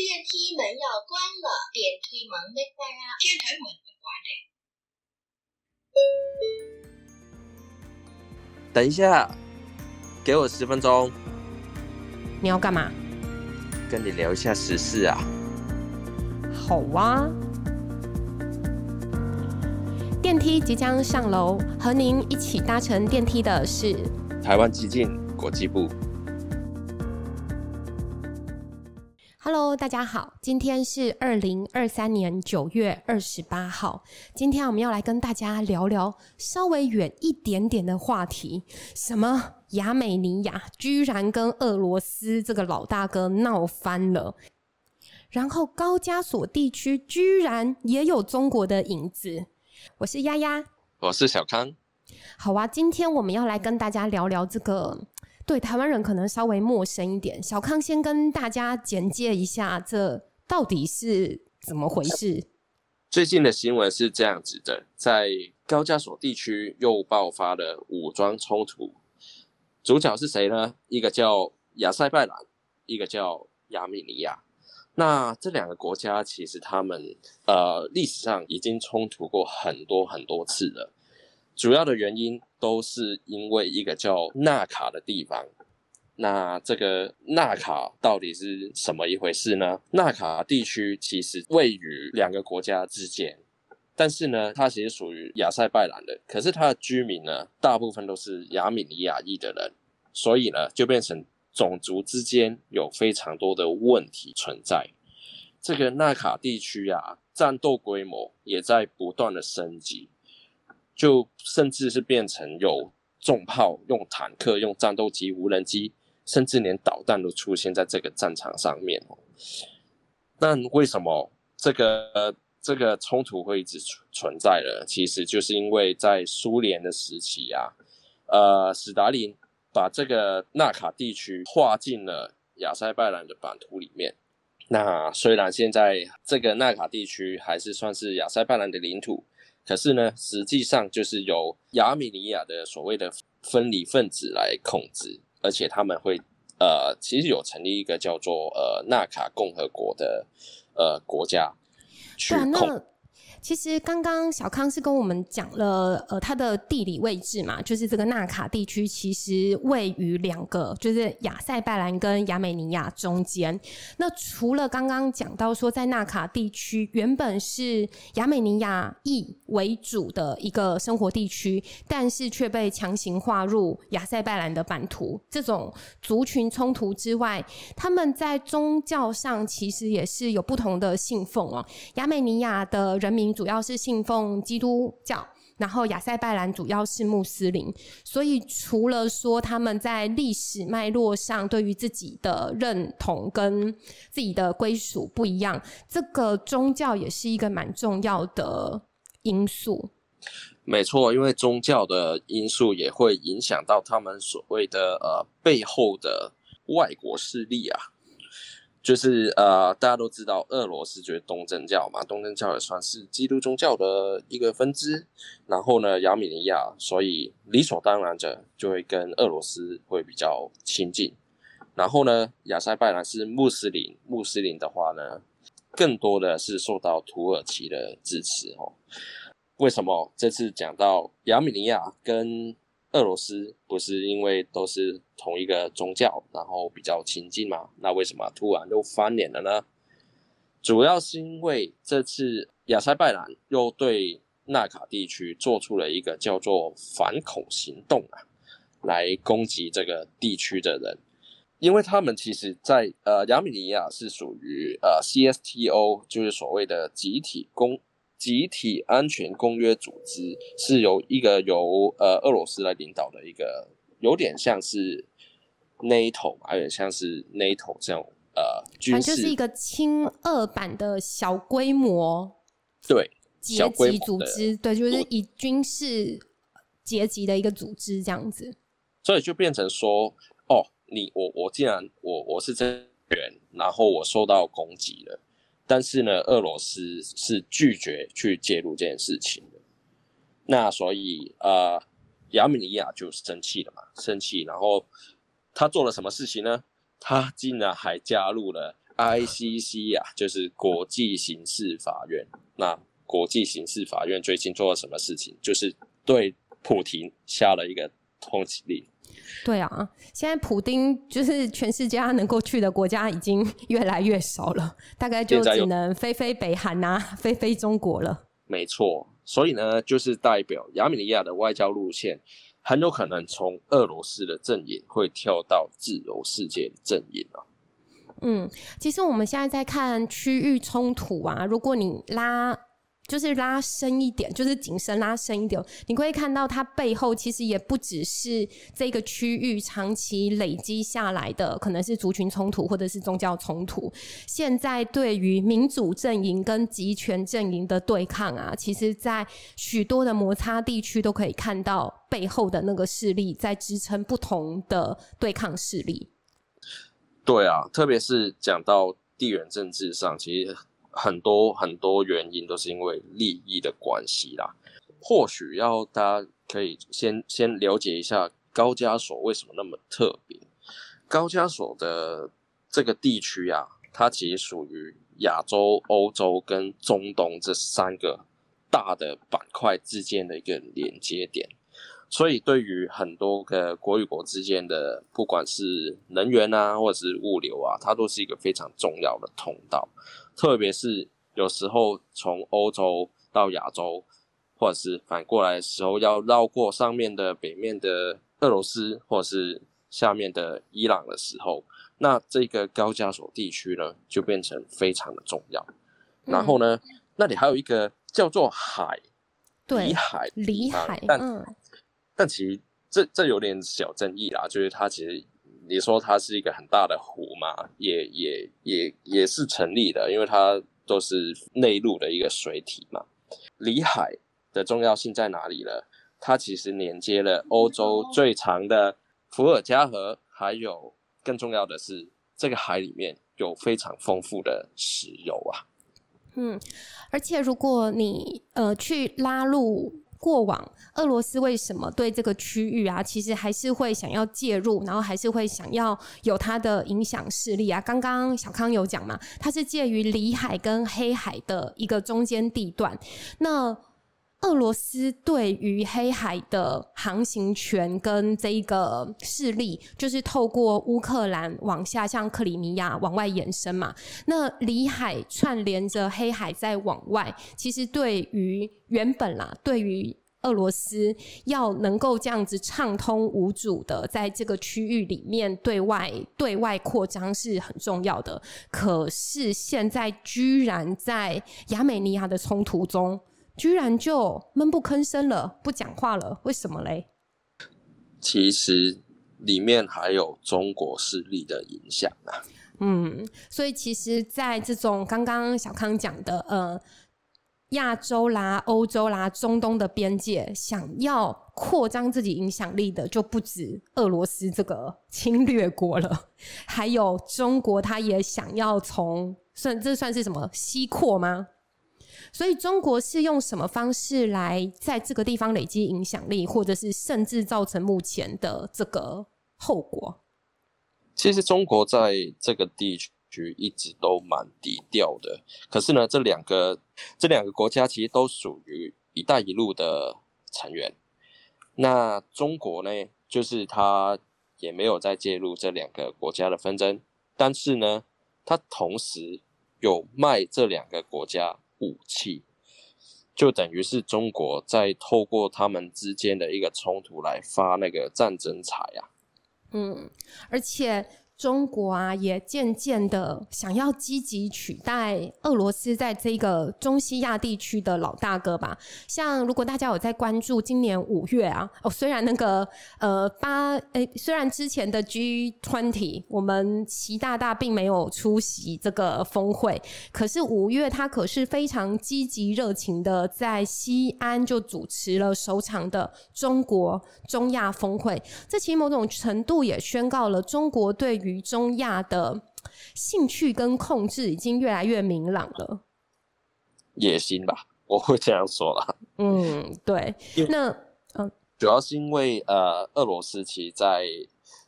電梯門要關了，電梯門沒關啊，電梯門沒關欸！等一下，給我十分鐘，你要幹嘛？跟你聊一下時事啊。好哇、啊。電梯即將上樓，和您一起搭乘電梯的是台灣基進國際部。Hello，大家好，今天是二零二三年九月二十八號。今天我們要來跟大家聊聊稍微遠一點點的話題。什麼？亞美尼亞居然跟俄羅斯這個老大哥鬧翻了，然後高加索地區居然也有中國的影子。我是丫丫，我是小康。好啊，今天我們要來跟大家聊聊這個。對台灣人可能稍微陌生一點，小康先跟大家簡介一下，這到底是怎麼回事？最近的新聞是這樣子的，在高加索地區又爆發了武裝衝突，主角是誰呢？一個叫亞塞拜然，一個叫亞美尼亞。那這兩個國家其實他們呃歷史上已經衝突過很多很多次了，主要的原因。都是因為一個叫納卡的地方。那這個納卡到底是什麼一回事呢？納卡地區其實位於兩個國家之間，但是呢，它其實屬於亞塞拜然的，可是它的居民呢，大部分都是亞美尼亞裔的人，所以呢，就變成種族之間有非常多的問題存在。這個納卡地區呀、啊，戰鬥規模也在不斷的升級，就甚至是變成有重炮，用坦克，用戰鬥機，無人機，甚至連導彈都出現在這個戰場上面。那為什麼這個這個衝突會一直存在呢？其實就是因為在蘇聯的時期啊，呃，史達林把這個納卡地區劃進了亞塞拜然的版圖裡面。那雖然現在這個納卡地區還是算是亞塞拜然的領土。可是呢，實際上就是由亞美尼亞的所謂的分離分子來控制，而且他們會，呃，其實有成立一個叫做呃納卡共和國的呃國家去控。啊其實剛剛小康是跟我們講了，呃，他的地理位置嘛，就是這個納卡地區其實位於兩個，就是亞塞拜然跟亞美尼亞中間。那除了剛剛講到說，在納卡地區原本是亞美尼亞裔為主的一個生活地區，但是卻被強行劃入亞塞拜然的版圖，這種族群衝突之外，他們在宗教上其實也是有不同的信奉哦、喔。亞美尼亞的人民，主要是信奉基督教，然後亞塞拜然主要是穆斯林，所以除了說他們在歷史脈絡上對於自己的認同跟自己的歸屬不一樣，這個宗教也是一個蠻重要的因素。沒錯，因為宗教的因素也會影響到他們所謂的呃，背後的外國勢力啊。就是呃，大家都知道俄羅斯就是東正教嘛，東正教也算是基督宗教的一個分支。然後呢，亞美尼亞，所以理所當然的就會跟俄羅斯會比較親近。然後呢，亞塞拜然，是穆斯林，穆斯林的話呢，更多的是受到土耳其的支持哦。為什麼這次講到亞美尼亞跟俄羅斯不是因為都是同一個宗教，然後比較親近嘛？那為什麼突然又翻臉了呢？主要是因為這次亞塞拜然又對納卡地區做出了一個叫做反恐行動啊，來攻擊這個地區的人，因為他們其實在呃亞美尼亞是屬於呃 CSTO，就是所謂的集體工。集體安全公約組織是由一個由呃俄羅斯來領導的一個，有點像是 NATO，還有點像是 NATO 這樣呃軍事，啊，就是一個親俄版的小規模對結集組織對，對，就是以軍事結級的一個組織這樣子，所以就變成說，哦，你我我既然我我是這人，然後我受到攻擊了。但是呢，俄羅斯是拒絕去介入這件事情的。那所以，呃，亞美尼亞就生氣了嘛，生氣。然後他做了什麼事情呢？他竟然還加入了 ICC 呀、啊，就是國際刑事法院。那國際刑事法院最近做了什麼事情？就是對普廷下了一個通緝令。對啊，現在普丁就是全世界能夠去的國家已經越來越少了，大概就只能飛飛北韓啊、飛飛中國了。沒錯，所以呢，就是代表亞美尼亞的外交路線很有可能從俄羅斯的陣營會跳到自由世界的陣營啊。嗯，其實我們現在在看區域衝突啊，如果你拉。就是拉深一點，就是謹慎拉深一點。你可以看到它背後其實也不只是這個區域長期累積下來的，可能是族群衝突或者是宗教衝突。現在對於民主陣營跟集權陣營的對抗啊，其實在許多的摩擦地區都可以看到背後的那個勢力在支撐不同的對抗勢力。對啊，特別是講到地緣政治上，其實。很多很多原因都是因為利益的關係啦。或許要大家可以先先了解一下高加索為什麼那麼特別。高加索的這個地區啊，它其實屬於亞洲、歐洲跟中東這三個大的板塊之間的一個連接點。所以，對於很多個國與國之間的，不管是能源啊，或者是物流啊，它都是一個非常重要的通道。特別是有時候從歐洲到亞洲，或者是反過來的時候，要繞過上面的北面的俄羅斯，或者是下面的伊朗的時候，那這個高加索地區呢，就變成非常的重要。然後呢，嗯、那裡還有一個叫做海裡、嗯、海，海，裡、啊、海、嗯，但但其實這這有點小爭議啦，就是它其實。你說它是一個很大的湖嘛，也也也也是成立的，因為它都是內陸的一個水體嘛。里海的重要性在哪裡呢？它其實連接了歐洲最長的伏爾加河，還有更重要的是，這個海裡面有非常豐富的石油啊。嗯，而且如果你呃去拉入。過往俄羅斯為什麼對這個區域啊，其實還是會想要介入，然後還是會想要有它的影響勢力啊。剛剛小康有講嘛，它是介於里海跟黑海的一個中間地段，那，俄羅斯對於黑海的航行權跟這一個勢力，就是透過烏克蘭往下向克里米亞往外延伸嘛。那里海串聯着黑海，再往外，其實對於原本啦，對於俄羅斯要能夠這樣子暢通無阻的在這個區域裡面對外對外擴張是很重要的。可是現在居然在亞美尼亞的衝突中。居然就悶不吭聲了，不講話了，為什麼嘞？其實裡面還有中國勢力的影響啊。嗯，所以其實，在這種剛剛小康講的呃，亞洲啦、歐洲啦、中東的邊界，想要擴張自己影響力的，就不止俄羅斯這個侵略國了，還有中國，他也想要從，算，這算是什麼西擴嗎？所以，中國是用什麼方式來在這個地方累積影響力，或者是甚至造成目前的這個後果？其實，中國在這個地區一直都蠻低調的。可是呢，這兩個這兩個國家其實都屬於“一帶一路”的成員。那中國呢，就是他也沒有在介入這兩個國家的紛爭，但是呢，他同時有賣這兩個國家。武器，就等於是中國在透過他們之間的一個衝突來發那個戰爭財啊。嗯，而且，中國啊，也漸漸的想要積極取代俄羅斯在這個中西亞地區的老大哥吧。像如果大家有在關注今年五月啊，哦，雖然那個呃八，哎、欸，雖然之前的 G twenty 我們習大大並沒有出席這個峰會，可是五月他可是非常積極熱情的在西安就主持了首場的中國中亞峰會。這其實某種程度也宣告了中國對於於中亞的興趣跟控制已經越來越明朗了，野心吧，我會這樣說了。嗯，對，那主要是因為呃，俄羅斯其實在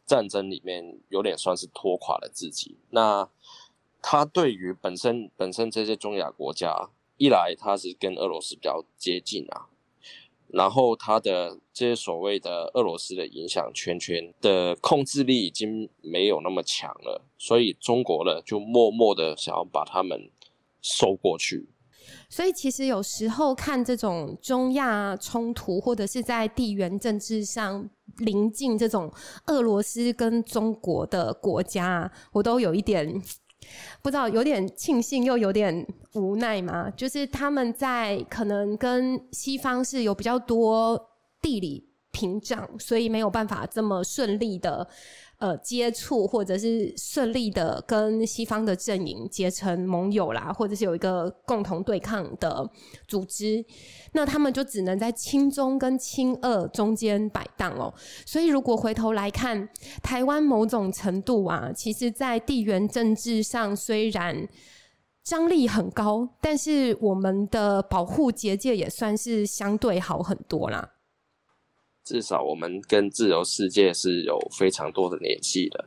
戰爭裡面有點算是拖垮了自己。那他對於本身本身這些中亞國家，一來他是跟俄羅斯比較接近啊。然後，他的這些所謂的俄羅斯的影響圈圈的控制力已經沒有那麼強了，所以中國呢，就默默的想要把他們收過去。所以，其實有時候看這種中亞衝突，或者是在地緣政治上臨近這種俄羅斯跟中國的國家，我都有一點。不知道，有點慶幸又有點無奈嘛。就是他們在可能跟西方是有比較多地理。屏障，所以沒有辦法這麼順利的呃接觸，或者是順利的跟西方的陣營結成盟友啦，或者是有一個共同對抗的組織，那他們就只能在親中跟親俄中間擺盪哦。所以如果回頭來看，台灣某種程度啊，其實在地緣政治上雖然張力很高，但是我們的保護結界也算是相對好很多啦。至少我們跟自由世界是有非常多的聯繫的，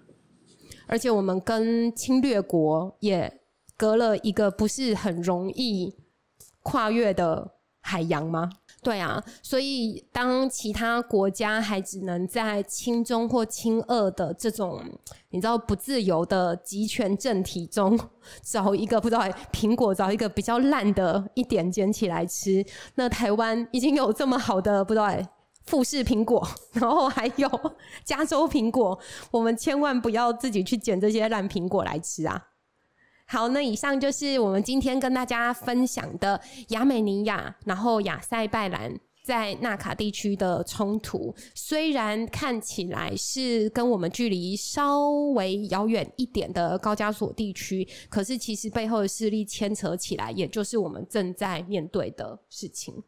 而且我們跟侵略國也隔了一個不是很容易跨越的海洋嗎？對啊，所以當其他國家還只能在親中或親俄的這種你知道不自由的極權政體中找一個不知道，欸，蘋果，找一個比較爛的一點撿起來吃，那台灣已經有這麼好的不知道、欸富士蘋果，然後還有加州蘋果，我們千萬不要自己去撿這些爛蘋果來吃啊！好，那以上就是我們今天跟大家分享的亞美尼亞，然後亞塞拜然在納卡地區的衝突。雖然看起來是跟我們距離稍微遙遠一點的高加索地區，可是其實背後的勢力牽扯起來，也就是我們正在面對的事情。